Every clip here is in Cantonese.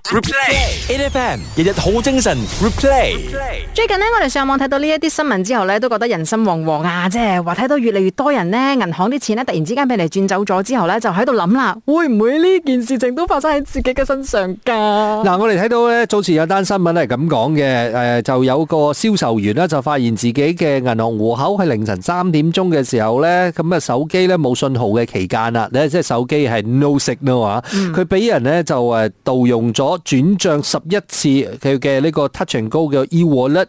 Replay，NFM，日日好精神。Replay，最近咧，我哋上網睇到呢一啲新聞之後咧，都覺得人心惶惶啊！即係話睇到越嚟越多人咧，銀行啲錢咧突然之間俾人轉走咗之後咧，就喺度諗啦，會唔會呢件事情都發生喺自己嘅身上噶？嗱，我哋睇到咧早前有單新聞係咁講嘅，誒，就有個銷售員咧就發現自己嘅銀行戶口喺凌晨三點鐘嘅時候咧，咁啊手機咧冇信號嘅期間啦，你即係手機係 no signal 啊，佢俾人咧就誒盜用咗。所轉賬十一次佢嘅、e、呢個 Touching 高嘅 eWallet，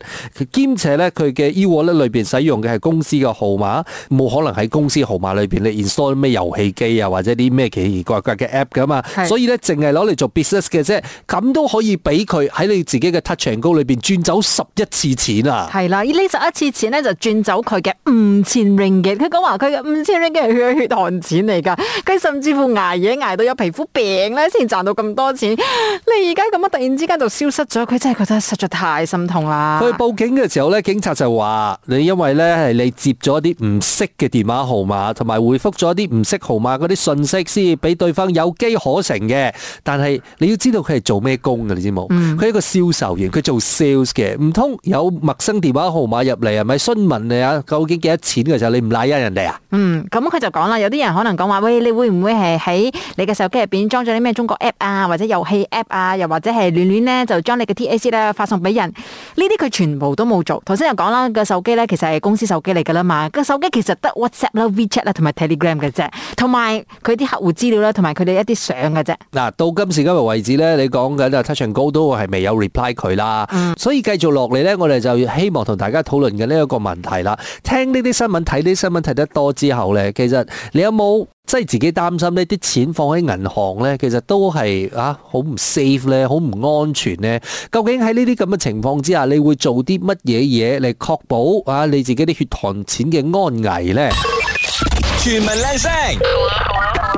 兼且咧佢嘅 eWallet 裏邊使用嘅係公司嘅號碼，冇可能喺公司號碼裏邊你 install 咩遊戲機啊，或者啲咩奇奇怪怪嘅 app 噶嘛，是所以咧淨係攞嚟做 business 嘅啫，咁都可以俾佢喺你自己嘅 Touching 高裏邊轉走十一次錢啊，係啦，呢十一次錢咧就轉走佢嘅五千 r i n g g 佢講話佢嘅五千 r i n 係血汗錢嚟㗎，佢甚至乎捱夜捱到有皮膚病咧，先賺到咁多錢。你而家咁樣突然之間就消失咗，佢真係覺得實在太心痛啦！佢去報警嘅時候咧，警察就話：你因為咧係你接咗啲唔識嘅電話號碼，同埋回覆咗啲唔識號碼嗰啲信息，先俾對方有機可乘嘅。但係你要知道佢係做咩工嘅，你知冇？佢一個銷售員，佢做 sales 嘅，唔通有陌生電話號碼入嚟，係咪詢問你啊？究竟幾多錢嘅時候，你唔賴人哋啊？嗯，咁佢就講啦，有啲人可能講話：喂，你會唔會係喺你嘅手機入邊裝咗啲咩中國 app 啊，或者遊戲 app？啊，又或者係暖暖咧，就將你嘅 TAC 咧發送俾人，呢啲佢全部都冇做。頭先又講啦，個手機咧其實係公司手機嚟噶啦嘛，個手機其實得 WhatsApp 啦、WeChat 啦同埋 Telegram 嘅啫，同埋佢啲客戶資料啦，同埋佢哋一啲相嘅啫。嗱，到今時今日為止咧，你講緊啊 Touch 'n Go 都係未有 reply 佢啦，所以繼續落嚟咧，我哋就希望同大家討論嘅呢一個問題啦。聽呢啲新聞，睇呢啲新聞睇得多之後咧，其實你有冇？即係自己擔心呢啲錢放喺銀行呢，其實都係啊，好唔 safe 咧，好唔安全呢。究竟喺呢啲咁嘅情況之下，你會做啲乜嘢嘢嚟確保啊你自己啲血糖錢嘅安危呢？全民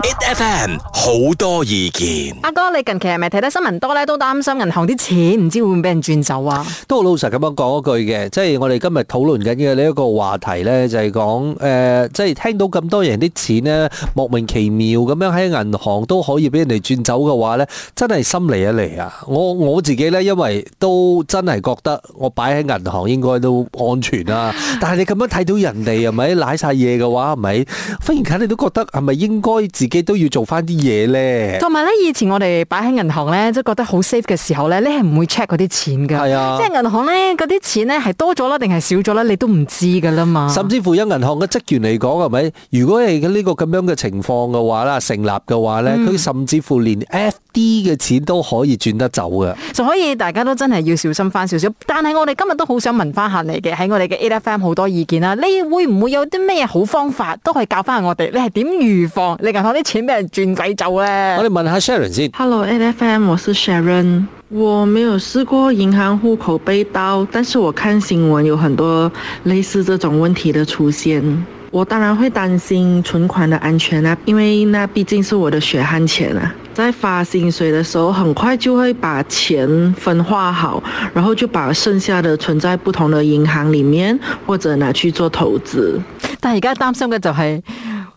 it fm 好多意見，阿哥，哥你近期係咪睇得新聞多咧？都擔心銀行啲錢唔知會唔會俾人轉走啊？都老實咁樣講一句嘅，即係我哋今日討論緊嘅呢一個話題咧，就係講誒，即係聽到咁多人啲錢咧莫名其妙咁樣喺銀行都可以俾人哋轉走嘅話咧，真係心離一離啊！我我自己咧，因為都真係覺得我擺喺銀行應該都安全啦，啊。 但係你咁樣睇到人哋係咪瀨晒嘢嘅話是是，係咪忽然間你都覺得係咪應該？自己都要做翻啲嘢咧，同埋咧以前我哋擺喺銀行咧，即係覺得好 safe 嘅時候咧，你係唔會 check 嗰啲錢噶，係啊、即係銀行咧嗰啲錢咧係多咗啦，定係少咗啦，你都唔知噶啦嘛。甚至乎有銀行嘅職員嚟講，係咪？如果係呢個咁樣嘅情況嘅話啦，成立嘅話咧，佢、嗯、甚至乎連誒。啲嘅錢都可以轉得走嘅，所以大家都真係要小心翻少少。但係我哋今日都好想問翻下你嘅喺我哋嘅 A F M 好多意見啦。你會唔會有啲咩好方法都可以教翻我哋？你係點預防你銀行啲錢俾人轉鬼走呢？我哋問下 Sharon 先。Hello A F M，我是 s Sharon，我沒有試過銀行戶口被盜，但是我看新聞有很多類似這種問題的出現，我當然會擔心存款的安全啦，因為那畢竟是我的血汗錢啊。在發薪水的時候，很快就會把錢分化好，然後就把剩下的存在不同的銀行裏面，或者拿去做投資。但而家擔心嘅就係、是，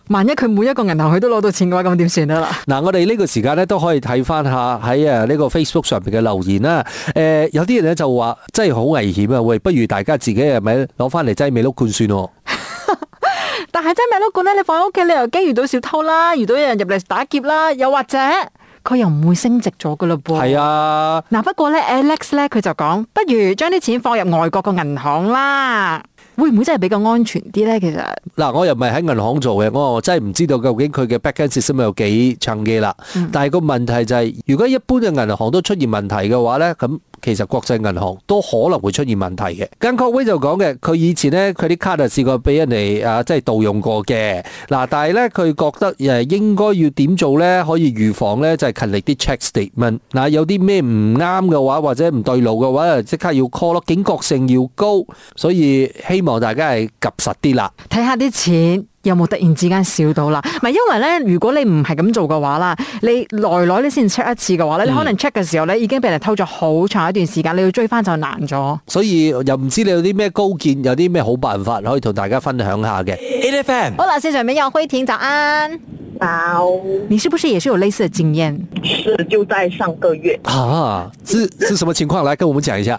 萬一佢每一個銀行佢都攞到錢嘅話，咁點算啊？嗱，我哋呢個時間咧都可以睇翻下喺啊呢個 Facebook 上邊嘅留言啦。誒、呃，有啲人咧就話真係好危險啊！喂，不如大家自己係咪攞翻嚟擠美祿罐算？但係真係碌管咧，你放喺屋企，你又驚遇到小偷啦，遇到有人入嚟打劫啦，又或者佢又唔會升值咗噶嘞噃？係啊，嗱，不過咧 Alex 咧，佢就講，不如將啲錢放入外國嘅銀行啦，會唔會真係比較安全啲咧？其實嗱，我又唔係喺銀行做嘅，我真係唔知道究竟佢嘅 backend system 有幾撐嘅啦。嗯，但係個問題就係、是，如果一般嘅銀行都出現問題嘅話咧，咁。其實國際銀行都可能會出現問題嘅，跟郭威就講嘅，佢以前呢，佢啲卡就試過俾人哋啊，即係盜用過嘅，嗱、啊，但係呢，佢覺得誒、啊、應該要點做呢，可以預防呢就係、是、勤力啲 check statement，嗱、啊，有啲咩唔啱嘅話或者唔對路嘅話，即刻要 call 咯，警覺性要高，所以希望大家係及實啲啦，睇下啲錢。有冇突然之間笑到啦？唔係，因為咧，如果你唔係咁做嘅話啦，你耐耐你先 check 一次嘅話咧，你可能 check 嘅時候咧，已經俾人偷咗好長一段時間，你要追翻，就難咗。嗯。所以又唔知你有啲咩高見，有啲咩好辦法可以同大家分享下嘅。 好啦，線上面有輝田，就啱。早你是不是也是有類似嘅經驗？是，就在上個月。啊，是是什麼情況？ 來跟我們講一下。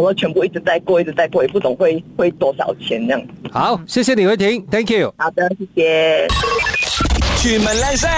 我全部一直帶過，一直帶過，也不懂會會多少錢，咁樣。好，謝謝你，慧婷，thank you。好的，謝謝。全民靚聲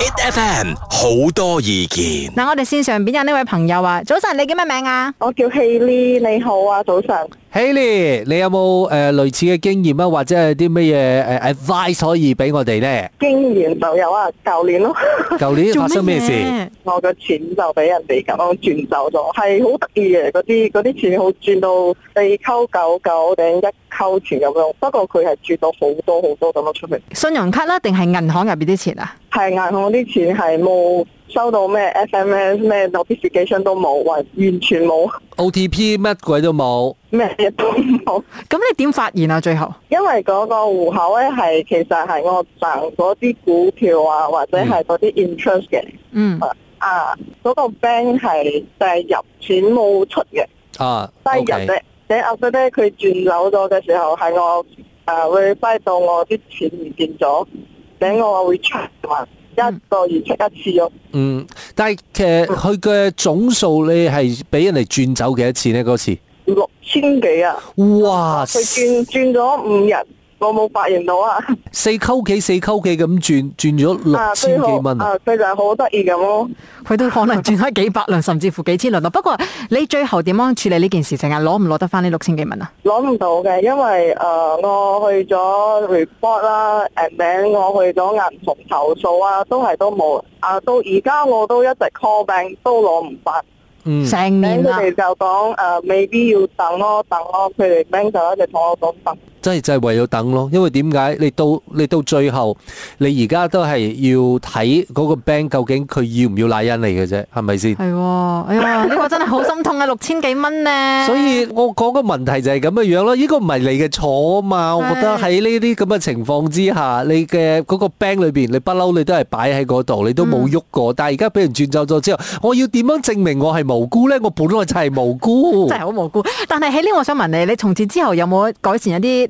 ，it fm 好多意見。嗱，我哋線上邊有呢位朋友啊，早晨，你叫咩名啊？我叫希莉，你好啊，早晨。希莉，你有冇誒類似嘅經驗啊？或者係啲乜嘢誒 advice 可以俾我哋咧？經驗就有啊，舊年咯。舊年發生咩事？我嘅錢就俾人哋咁樣轉走咗，係好得意嘅，嗰啲嗰啲錢，好轉到四溝九九定一溝錢咁樣。不過佢係轉到好多好多咁樣出嚟。信用卡啦，定係銀行入邊啲錢啊？係銀行啲錢係冇收到咩 SMS 咩 Notification 都冇，完全冇 OTP 乜鬼都冇，咩都冇。咁 你點發現啊？最後因為嗰個戶口咧係其實係我賺嗰啲股票啊，或者係嗰啲 interest 嘅，嗯。啊！嗰、那個 bank 係低入錢冇出嘅，低入嘅。你、okay、後尾咧佢轉走咗嘅時候，係我誒會翻到我啲錢唔見咗，等我會出、嗯、一個月出一次喎。嗯，但係其實佢嘅總數你係俾人哋轉走幾多次咧？嗰次六千幾啊！哇，佢轉轉咗五日。我冇發現到啊！四溝幾四溝幾咁轉，轉咗六千幾蚊啊！佢就係好得意咁咯。佢都可能轉開幾百輪，甚至乎幾千輪咯。不過你最後點樣處理呢件事成啊？攞唔攞得翻呢六千幾蚊啊？攞唔到嘅，因為誒我去咗 report 啦，誒名我去咗銀行投訴啊，都係都冇啊。到而家我都一直 call bank 都攞唔翻。嗯，成年啊！佢哋就講誒，未必要等咯，等咯。佢哋 bank 就一直同我講等。真係就係為咗等咯，因為點解你到你到最後，你而家都係要睇嗰個 bank 究竟佢要唔要賴恩嚟嘅啫，係咪先？係喎、哦，呢、哎呢個真係好心痛啊， 六千幾蚊呢！所以我講個問題就係咁嘅樣咯，呢個唔係你嘅錯啊嘛。我覺得喺呢啲咁嘅情況之下，是你嘅嗰個 bank 裏面，你不嬲你都係擺喺嗰度，你都冇喐過。嗯、但係而家俾人轉走咗之後，我要點樣證明我係無辜呢？我本來就係無辜，真係好無辜。但係喺呢，我想問你，你從此之後有冇改善一啲？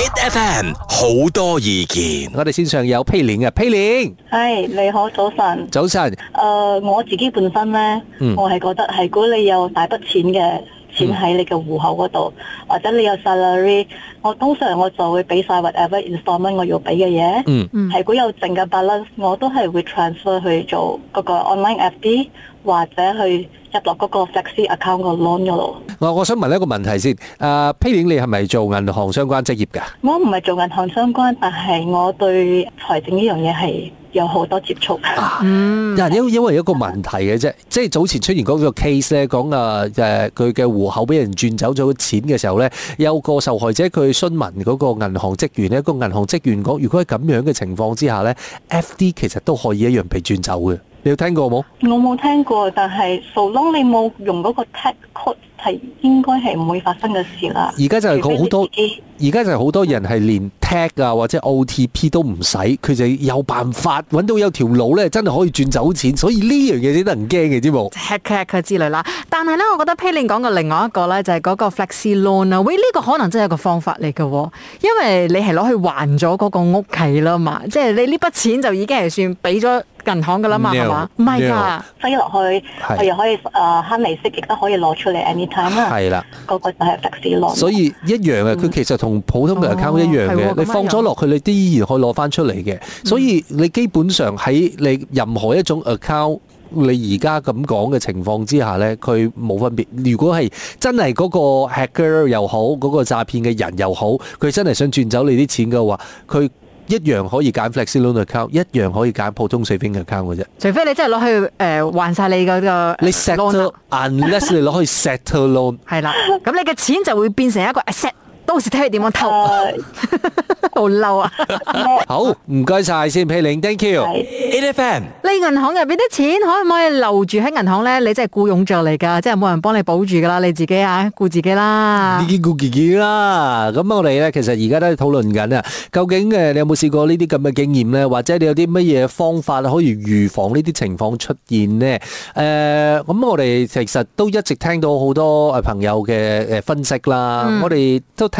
itfm 好多意見，我哋線上有批聯嘅批聯。係你好早晨，早晨。誒，我自己本身咧，我係覺得係如果你有大筆錢嘅錢喺你嘅戶口嗰度，或者你有 salary，我通常我就會俾晒 whatever information 我要俾嘅嘢。嗯嗯，係如果有剩嘅 balance，我都係會 transfer 去做嗰個 online F D。或者去入落嗰個 Flexi account 個 loan 嗰度，哦。我想問一個問題先。誒、呃、p 你係咪做銀行相關職業㗎？我唔係做銀行相關，但係我對財政呢樣嘢係有好多接觸。嗯，因、啊、因為有一個問題嘅啫，即係早前出現嗰個 case 咧，講啊佢嘅戶口俾人轉走咗錢嘅時候咧，有個受害者佢詢問嗰個銀行職員呢、呢個銀行職員講：如果喺咁樣嘅情況之下咧，FD 其實都可以一樣被轉走嘅。你有聽過冇？嗎，我冇聽過，但係 so long 你冇用嗰個 tag code 係應該係唔會發生嘅事啦。而家就係好多，而家就係好多人係連 tag 啊，或者 OTP 都唔使，佢就有辦法搵到有條路咧，真係可以轉走錢。所以呢樣嘢先得人驚嘅知冇。hack hack 啊之類啦，但係咧，我覺得 PayLink 講嘅另外一個咧就係、是、嗰個 flexi loan 啦。喂，呢個可能真係一個方法嚟嘅，因為你係攞去還咗嗰個屋企啦嘛，即係你呢筆錢就已經係算俾咗。銀行噶啦嘛，係嘛、no,？唔係、no. 啊，飛落去，佢又可以誒慳利息，亦都、uh, 啊、可以攞出嚟 anytime 啦。係啦，個個就係特私攞。所以一樣嘅，佢、嗯、其實同普通嘅 account 一樣嘅。哦、你放咗落去，嗯、你啲依然可以攞翻出嚟嘅。所以你基本上喺你任何一種 account，你而家咁講嘅情況之下咧，佢冇分別。如果係真係嗰個 hacker 又好，嗰、嗰個詐騙嘅人又好，佢真係想轉走你啲錢嘅話，佢。一樣可以揀 Flexi Loan account，一樣可以揀普通水邊嘅 card 嘅啫。除非你真係攞去誒還曬你嗰個，你 settle unless 你攞去 settle loan 係啦，咁你嘅錢就會變成一個 asset。到時睇，係點樣投？好嬲啊！好，唔該晒先，P 零，Thank you，N F M。你銀行入邊啲錢可唔可以留住喺銀行咧？你真係僱傭著嚟噶，即係冇人幫你保住噶啦，你自己啊，顧自己啦。自己顧自己啦。咁我哋咧，其實而家都係討論緊啊，究竟誒，你有冇試過呢啲咁嘅經驗咧？或者你有啲乜嘢方法可以預防呢啲情況出現咧？誒，咁我哋其實都一直聽到好多誒朋友嘅誒分析啦，我哋都聽。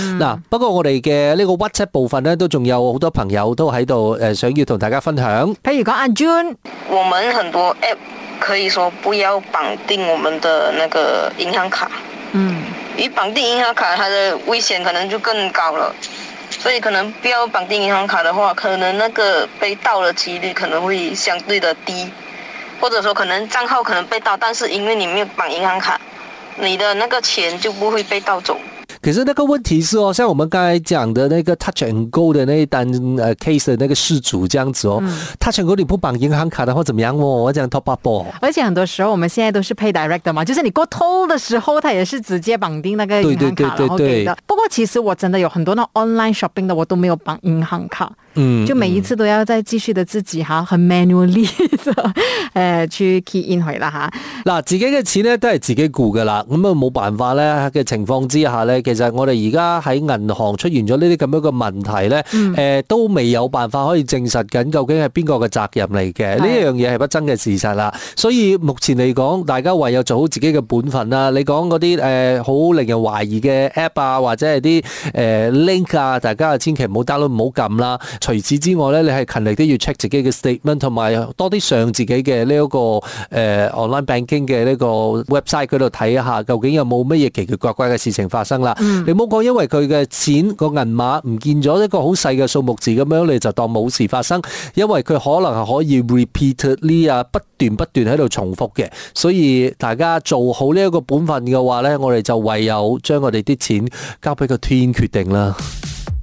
嗯、不過我哋嘅呢個 WhatsApp 部分呢，都仲有好多朋友都喺度誒，想要同大家分享。譬如講阿 June，我們很多 app 可以說不要綁定我們的那個銀行卡。嗯，一綁定銀行卡，它的危險可能就更高了。所以可能不要綁定銀行卡的話，可能那個被盜的幾率可能會相對的低，或者說可能賬號可能被盜，但是因為你沒有綁銀行卡，你的那個錢就不會被盜走。可是那個問題是哦，像我們剛才講的那個 Touch and Go 的那一單、呃、case，的那個事主這樣子哦、嗯，Touch and Go 你不綁銀行卡的話，怎麼樣哦？我講 Top Up Ball。而且很多時候我們現在都是 Pay Direct 的嘛，就是你過 toll 的時候，它也是直接綁定那個銀行卡，然後給的。不過其實我真的有很多那 Online Shopping 的，我都沒有綁銀行卡，嗯，就每一次都要再繼續的自己哈，很 manually 的、嗯、 去 key in 回哈啦哈那自己嘅錢呢都係自己顧的啦，咁啊冇辦法呢嘅情況之下呢。其實我哋而家喺銀行出現咗呢啲咁樣嘅問題咧，誒、嗯呃、都未有辦法可以證實緊究竟係邊個嘅責任嚟嘅，呢樣嘢係不爭嘅事實啦。所以目前嚟講，大家唯有做好自己嘅本分啦。你講嗰啲誒好令人懷疑嘅 app 啊，或者係啲誒 link 啊，大家千祈唔好 download 唔好撳啦。除此之外咧，你係勤力都要 check 自己嘅 statement，同埋多啲上自己嘅呢一個誒、呃、online banking 嘅呢個 website 嗰度睇一下，究竟有冇乜嘢奇奇怪怪嘅事情發生啦。 你唔好講，因為佢嘅錢個銀碼唔見咗一個好細嘅數目字咁樣，你就當冇事發生。因為佢可能係可以 repeatedly 啊，不斷不斷喺度重複嘅，所以大家做好呢一個本分嘅話呢，我哋就唯有將我哋啲錢交俾個天決定啦。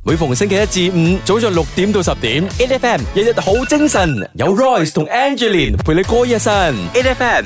每逢星期一至五早上六點到十點，N F M 日日好精神，有 Royce 同 Angelin 陪你過一生 N F M。